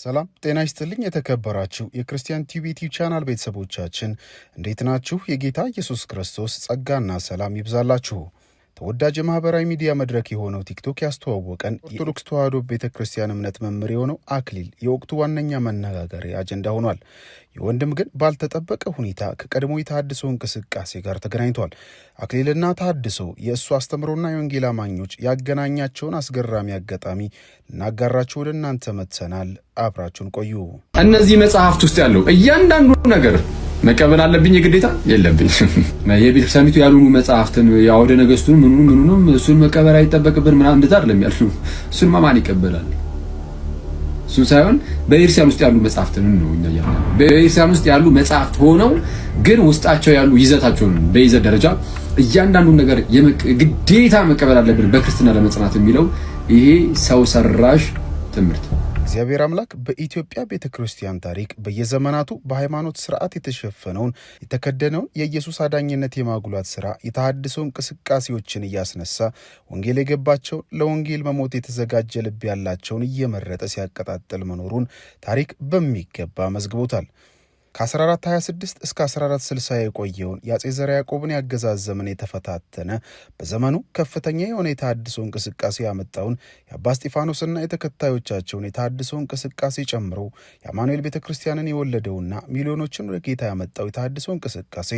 ሰላም ጤና ይስጥልኝ። የተከበራችሁ የክርስቲያን ቲዩብ ዩቲዩብ ቻናል ቤተሰቦቻችን እንዴት ናችሁ? የጌታ ኢየሱስ ክርስቶስ ጸጋና ሰላም ይብዛላችሁ። ተወዳጅ የማህበራዊ ሚዲያ መድረክ የሆነው ቲክቶክ ያስተዋወቀን የኦርቶዶክስ ተዋህዶ ቤተ ክርስቲያን እምነት መምህር የሆነው አክሊል የወቅቱ ዋነኛ መነጋገሪያ አጀንዳ ሆኗል። የወንድም ግን ባልተጠበቀ ሁኔታ ከቀድሞ የተሃድሶ እንቅስቃሴ ጋር ተገናኝቷል። አክሊልና ተሃድሶ የእሱ አስተምሮና የወንጌል አማኞች ያገናኛቸውን አስገራሚ አጋጣሚ እናጋራቸው ወደ እናንተ መጥተናል። አብራችሁን ቆዩ። እነዚህ መጽሐፍት ውስጥ ያለው እያንዳንዱ ነገር መቀበል አለብኝ የግዴታ የለብኝ። የቤተክርስቲያኒቱ ያሉኑ መጽሐፍትን የአወደ ነገስቱን ምኑ ምኑንም እሱን መቀበል አይጠበቅብን ምናምን እንደዛ አይደለም ያሉ። እሱን ማማን ይቀበላል። እሱን ሳይሆን በኤርሲያን ውስጥ ያሉ መጽሐፍትን ነው እኛ ያለ በኤርሲያን ውስጥ ያሉ መጽሐፍት ሆነው ግን ውስጣቸው ያሉ ይዘታቸውን በይዘት ደረጃ እያንዳንዱን ነገር ግዴታ መቀበል አለብን በክርስትና ለመጽናት የሚለው ይሄ ሰው ሰራሽ ትምህርት ነው። እግዚአብሔር አምላክ በኢትዮጵያ ቤተ ክርስቲያን ታሪክ በየዘመናቱ በሃይማኖት ስርዓት የተሸፈነውን የተከደነውን የኢየሱስ አዳኝነት የማጉላት ስራ የተሃድሶ እንቅስቃሴዎችን እያስነሳ ወንጌል የገባቸውን ለወንጌል መሞት የተዘጋጀ ልብ ያላቸውን እየመረጠ ሲያቀጣጥል መኖሩን ታሪክ በሚገባ መዝግቦታል። ከ1426 እስከ 1460 የቆየውን የአጼ ዘርዓ ያዕቆብን ያገዛዘምን ዘመን የተፈታተነ በዘመኑ ከፍተኛ የሆነ የተሃድሶ እንቅስቃሴ ያመጣውን የአባ እስጢፋኖስና የተከታዮቻቸውን የተሃድሶ እንቅስቃሴ ጨምሮ የአማኑኤል ቤተ ክርስቲያንን የወለደውና ሚሊዮኖችን ወደ ጌታ ያመጣው የተሃድሶ እንቅስቃሴ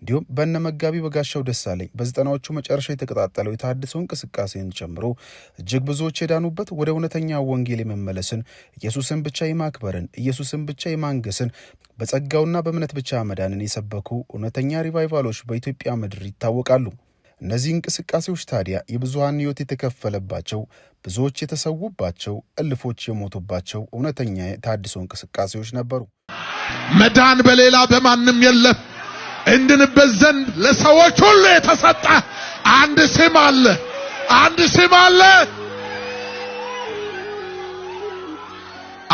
እንዲሁም በነ መጋቢ በጋሻው ደሳለኝ በዘጠናዎቹ መጨረሻ የተቀጣጠለው የተሃድሶ እንቅስቃሴን ጨምሮ እጅግ ብዙዎች የዳኑበት ወደ እውነተኛ ወንጌል የመመለስን ኢየሱስን ብቻ የማክበርን ኢየሱስን ብቻ የማንገስን በጸጋውና በእምነት ብቻ መዳንን የሰበኩ እውነተኛ ሪቫይቫሎች በኢትዮጵያ ምድር ይታወቃሉ። እነዚህ እንቅስቃሴዎች ታዲያ የብዙሀን ሕይወት የተከፈለባቸው፣ ብዙዎች የተሰዉባቸው፣ እልፎች የሞቱባቸው እውነተኛ የታድሶ እንቅስቃሴዎች ነበሩ። መዳን በሌላ በማንም የለም። እንድንበት ዘንድ ለሰዎች ሁሉ የተሰጠ አንድ ስም አለ። አንድ ስም አለ።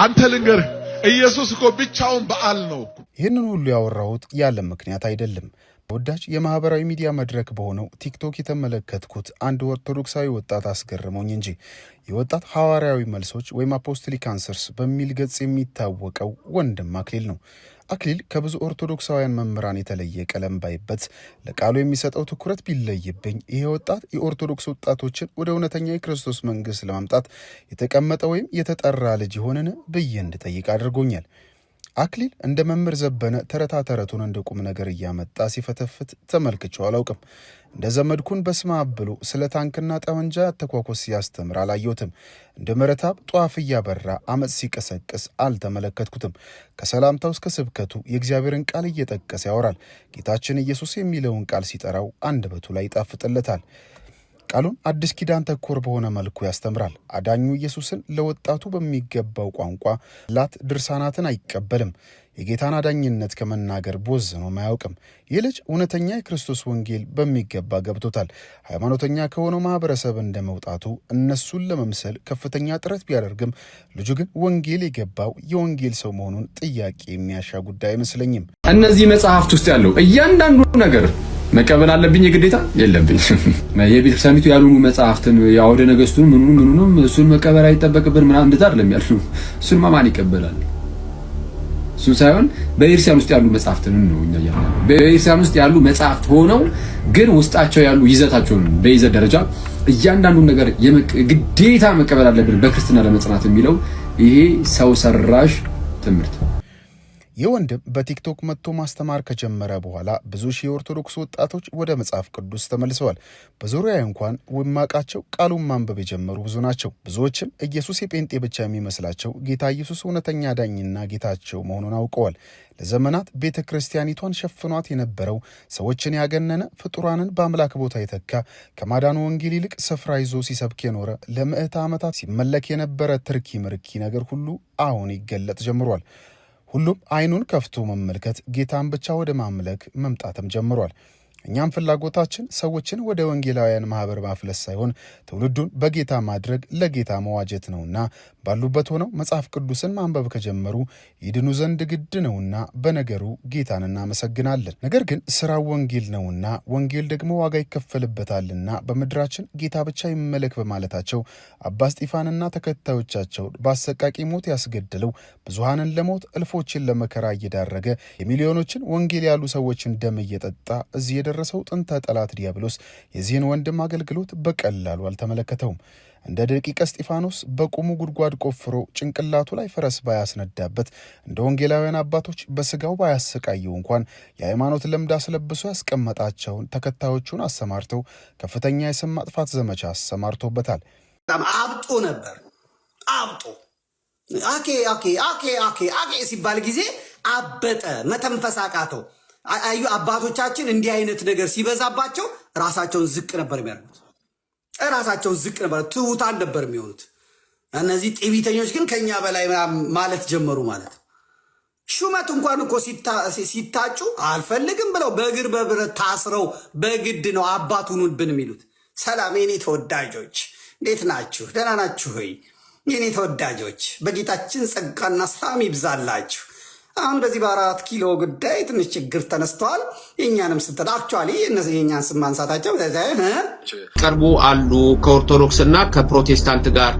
አንተ ልንገርህ ኢየሱስ እኮ ብቻውን በዓል ነው። ይህንን ሁሉ ያወራሁት ያለ ምክንያት አይደለም። ተወዳጅ የማህበራዊ ሚዲያ መድረክ በሆነው ቲክቶክ የተመለከትኩት አንድ ኦርቶዶክሳዊ ወጣት አስገርሞኝ እንጂ የወጣት ሐዋርያዊ መልሶች ወይም አፖስትሊክ አንስርስ በሚል ገጽ የሚታወቀው ወንድም አክሊል ነው። አክሊል ከብዙ ኦርቶዶክሳውያን መምህራን የተለየ ቀለም ባይበት ለቃሉ የሚሰጠው ትኩረት ቢለይብኝ ይሄ ወጣት የኦርቶዶክስ ወጣቶችን ወደ እውነተኛ የክርስቶስ መንግስት ለማምጣት የተቀመጠ ወይም የተጠራ ልጅ የሆንን ብዬ እንድጠይቅ አድርጎኛል። አክሊል እንደ መምህር ዘበነ ተረታ ተረቱን እንደ ቁም ነገር እያመጣ ሲፈተፍት ተመልክቼው አላውቅም። እንደ ዘመድኩን በስማ ብሎ ስለ ታንክና ጠመንጃ ተኳኮስ ሲያስተምር አላየሁትም። እንደ መረታብ ጧፍ እያበራ አመፅ ሲቀሰቅስ አልተመለከትኩትም። ከሰላምታው እስከ ስብከቱ የእግዚአብሔርን ቃል እየጠቀሰ ያወራል። ጌታችን ኢየሱስ የሚለውን ቃል ሲጠራው አንደበቱ ላይ ይጣፍጥለታል። ቃሉን አዲስ ኪዳን ተኮር በሆነ መልኩ ያስተምራል። አዳኙ ኢየሱስን ለወጣቱ በሚገባው ቋንቋ ላት ድርሳናትን አይቀበልም። የጌታን አዳኝነት ከመናገር ቦዝኖም አያውቅም። ይህ ልጅ እውነተኛ የክርስቶስ ወንጌል በሚገባ ገብቶታል። ሃይማኖተኛ ከሆነው ማህበረሰብ እንደ መውጣቱ እነሱን ለመምሰል ከፍተኛ ጥረት ቢያደርግም ልጁ ግን ወንጌል የገባው የወንጌል ሰው መሆኑን ጥያቄ የሚያሻ ጉዳይ አይመስለኝም። እነዚህ መጽሐፍት ውስጥ ያለው እያንዳንዱ ነገር መቀበል አለብኝ የግዴታ የለብኝ። የቤተ ክርስቲያኒቱ ያልሆኑ መጽሐፍትን የአውደ ነገስቱን ምኑ ምኑንም እሱን መቀበል አይጠበቅብን ምና እንደዛ አይደለም ያሉ። እሱን ማማን ይቀበላል? እሱን ሳይሆን በኤርሲያን ውስጥ ያሉ መጽሐፍትን ነው እኛ ያለ በኤርሲያን ውስጥ ያሉ መጽሐፍት ሆነው ግን ውስጣቸው ያሉ ይዘታቸውን በይዘት ደረጃ እያንዳንዱን ነገር ግዴታ መቀበል አለብን በክርስትና ለመጽናት የሚለው ይሄ ሰው ሰራሽ ትምህርት ይህ ወንድም በቲክቶክ መጥቶ ማስተማር ከጀመረ በኋላ ብዙ ሺህ የኦርቶዶክስ ወጣቶች ወደ መጽሐፍ ቅዱስ ተመልሰዋል። በዙሪያዬ እንኳን ወማቃቸው ቃሉን ማንበብ የጀመሩ ብዙ ናቸው። ብዙዎችም ኢየሱስ የጴንጤ ብቻ የሚመስላቸው ጌታ ኢየሱስ እውነተኛ ዳኝና ጌታቸው መሆኑን አውቀዋል። ለዘመናት ቤተ ክርስቲያኒቷን ሸፍኗት የነበረው ሰዎችን ያገነነ ፍጡራንን በአምላክ ቦታ የተካ ከማዳኑ ወንጌል ይልቅ ስፍራ ይዞ ሲሰብክ የኖረ ለምዕተ ዓመታት ሲመለክ የነበረ ትርኪ ምርኪ ነገር ሁሉ አሁን ይገለጥ ጀምሯል። ሁሉም አይኑን ከፍቶ መመልከት ጌታን ብቻ ወደ ማምለክ መምጣትም ጀምሯል። እኛም ፍላጎታችን ሰዎችን ወደ ወንጌላውያን ማህበር ማፍለስ ሳይሆን ትውልዱን በጌታ ማድረግ ለጌታ መዋጀት ነውና ባሉበት ሆነው መጽሐፍ ቅዱስን ማንበብ ከጀመሩ ይድኑ ዘንድ ግድ ነውና በነገሩ ጌታን እናመሰግናለን። ነገር ግን ስራው ወንጌል ነውና ወንጌል ደግሞ ዋጋ ይከፈልበታልና በምድራችን ጌታ ብቻ ይመለክ በማለታቸው አባ እስጢፋንና ተከታዮቻቸውን በአሰቃቂ ሞት ያስገደለው ብዙሃንን ለሞት እልፎችን ለመከራ እየዳረገ የሚሊዮኖችን ወንጌል ያሉ ሰዎችን ደም እየጠጣ እዚህ የደረሰው ጥንተ ጠላት ዲያብሎስ የዚህን ወንድም አገልግሎት በቀላሉ አልተመለከተውም። እንደ ደቂቀ እስጢፋኖስ በቁሙ ጉድጓድ ቆፍሮ ጭንቅላቱ ላይ ፈረስ ባያስነዳበት እንደ ወንጌላውያን አባቶች በስጋው ባያሰቃየው እንኳን የሃይማኖት ልምድ አስለብሶ ያስቀመጣቸውን ተከታዮቹን አሰማርተው ከፍተኛ የስም ማጥፋት ዘመቻ አሰማርቶበታል። በጣም አብጦ ነበር። አብጦ አኬ አኬ አኬ አኬ አኬ ሲባል ጊዜ አበጠ፣ መተንፈስ አቃተው። አዩ አባቶቻችን እንዲህ አይነት ነገር ሲበዛባቸው ራሳቸውን ዝቅ ነበር የሚያደርጉት። ራሳቸውን ዝቅ ነበር፣ ትውታን ነበር የሚሆኑት። እነዚህ ጤቢተኞች ግን ከኛ በላይ ማለት ጀመሩ ማለት ነው። ሹመት እንኳን እኮ ሲታጩ አልፈልግም ብለው በእግር በብረት ታስረው በግድ ነው አባት ሁኑብን የሚሉት። ሰላም የኔ ተወዳጆች፣ እንዴት ናችሁ? ደህና ናችሁ ሆይ የኔ ተወዳጆች? በጌታችን ጸጋና ሰላም ይብዛላችሁ። አሁን በዚህ በአራት ኪሎ ጉዳይ ትንሽ ችግር ተነስተዋል። የእኛንም ስትል አክቹዋሊ እነዚህ የእኛን ስም ማንሳታቸው ቀርቡ አሉ ከኦርቶዶክስና ከፕሮቴስታንት ጋር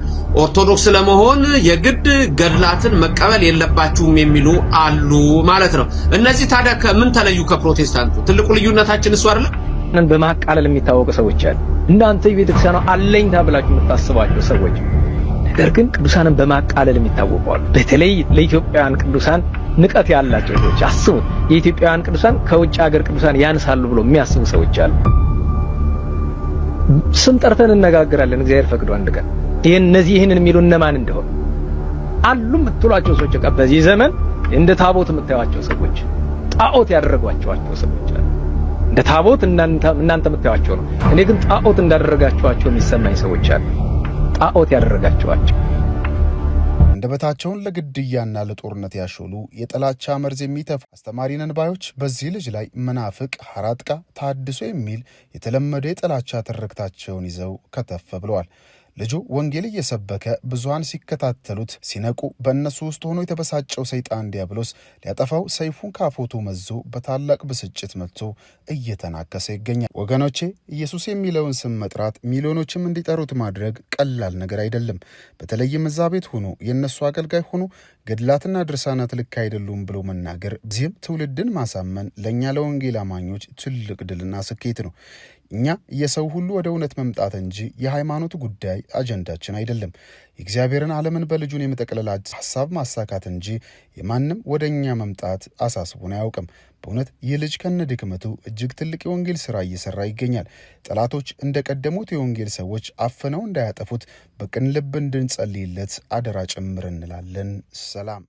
ኦርቶዶክስ ለመሆን የግድ ገድላትን መቀበል የለባችሁም የሚሉ አሉ ማለት ነው። እነዚህ ታዲያ ከምን ተለዩ? ከፕሮቴስታንቱ ትልቁ ልዩነታችን እሱ አይደለም። በማቃለል የሚታወቁ ሰዎች አሉ። እናንተ የቤተክርስቲያኑ አለኝታ ብላችሁ የምታስባቸው ሰዎች ነገር ግን ቅዱሳንን በማቃለል የሚታወቁ አሉ። በተለይ ለኢትዮጵያውያን ቅዱሳን ንቀት ያላቸው ሰዎች አስቡ። የኢትዮጵያውያን ቅዱሳን ከውጭ ሀገር ቅዱሳን ያንሳሉ ብሎ የሚያስቡ ሰዎች አሉ። ስም ጠርተን እነጋገራለን እግዚአብሔር ፈቅዶ አንድ ቀን ይሄን እነዚህ ይህንን የሚሉ እነማን እንደሆነ አሉ የምትሏቸው ሰዎች በቃ በዚህ ዘመን እንደ ታቦት የምታዩቸው ሰዎች ጣዖት ያደረጓቸዋቸው ሰዎች አሉ። እንደ ታቦት እናንተ የምታዩዋቸው ነው። እኔ ግን ጣዖት እንዳደረጋቸዋቸው የሚሰማኝ ሰዎች አሉ። ጣዖት ያደረጋቸዋቸው አንደበታቸውን ለግድያና ለጦርነት ያሾሉ የጥላቻ መርዝ የሚተፉ አስተማሪ ነን ባዮች በዚህ ልጅ ላይ መናፍቅ፣ ሀራጥቃ፣ ታድሶ የሚል የተለመደ የጥላቻ ትርክታቸውን ይዘው ከተፍ ብለዋል። ልጁ ወንጌል እየሰበከ ብዙሃን ሲከታተሉት ሲነቁ በእነሱ ውስጥ ሆኖ የተበሳጨው ሰይጣን ዲያብሎስ ሊያጠፋው ሰይፉን ካፎቱ መዞ በታላቅ ብስጭት መጥቶ እየተናከሰ ይገኛል። ወገኖቼ ኢየሱስ የሚለውን ስም መጥራት ሚሊዮኖችም እንዲጠሩት ማድረግ ቀላል ነገር አይደለም። በተለይም እዛ ቤት ሆኖ የእነሱ አገልጋይ ሆኖ ገድላትና ድርሳናት ልክ አይደሉም ብሎ መናገር፣ በዚህም ትውልድን ማሳመን ለእኛ ለወንጌል አማኞች ትልቅ ድልና ስኬት ነው። እኛ የሰው ሁሉ ወደ እውነት መምጣት እንጂ የሃይማኖት ጉዳይ አጀንዳችን አይደለም። የእግዚአብሔርን ዓለምን በልጁን የመጠቅለል ሐሳብ ማሳካት እንጂ የማንም ወደ እኛ መምጣት አሳስቦን አያውቅም። በእውነት ይህ ልጅ ከነ ድክመቱ እጅግ ትልቅ የወንጌል ሥራ እየሠራ ይገኛል። ጠላቶች እንደ ቀደሙት የወንጌል ሰዎች አፍነው እንዳያጠፉት በቅን ልብ እንድንጸልይለት አደራ ጭምር እንላለን። ሰላም